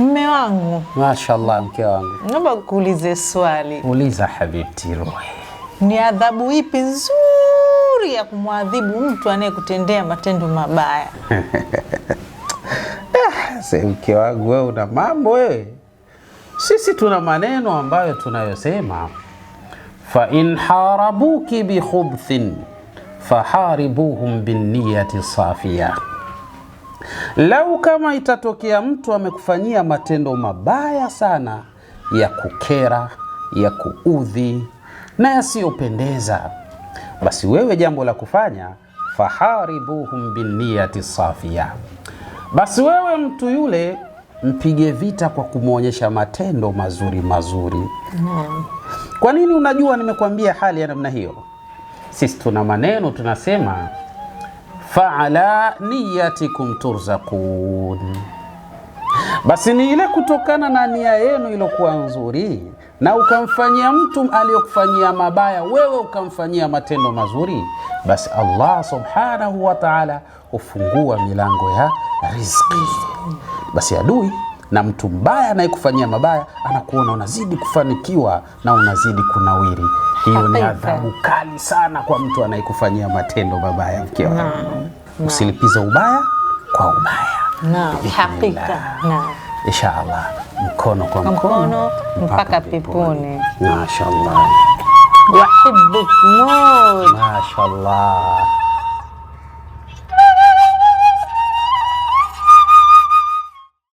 Mme wangu, mashallah, mke wangu, naomba kuulize swali. Uliza habibti Ruhi. Ni adhabu ipi nzuri ya kumwadhibu mtu anayekutendea matendo mabaya? Eh, se mke wangu, wewe una mambo wewe. Sisi tuna maneno ambayo tunayosema, fa in harabuki bi khubthin faharibuhum binniyati safia Lau kama itatokea mtu amekufanyia matendo mabaya sana ya kukera, ya kuudhi na yasiyopendeza, basi wewe jambo la kufanya faharibuhum binniyati safia, basi wewe mtu yule mpige vita kwa kumwonyesha matendo mazuri mazuri. Kwa nini? Unajua, nimekwambia hali ya namna hiyo, sisi tuna maneno tunasema faala niyatikum turzaqun, basi ni ile kutokana na nia yenu iliyokuwa nzuri, na ukamfanyia mtu aliyokufanyia mabaya wewe ukamfanyia matendo mazuri, basi Allah subhanahu wa ta'ala hufungua milango ya riziki. Basi adui na mtu mbaya anayekufanyia mabaya anakuona unazidi kufanikiwa na unazidi kunawiri. Hiyo ni adhabu kali sana kwa mtu anayekufanyia matendo mabaya. Mke wangu, usilipize ubaya kwa ubaya. Inshallah, mkono kwa mkono, mkono mpaka peponi. Mashallah, Nur. mashallah.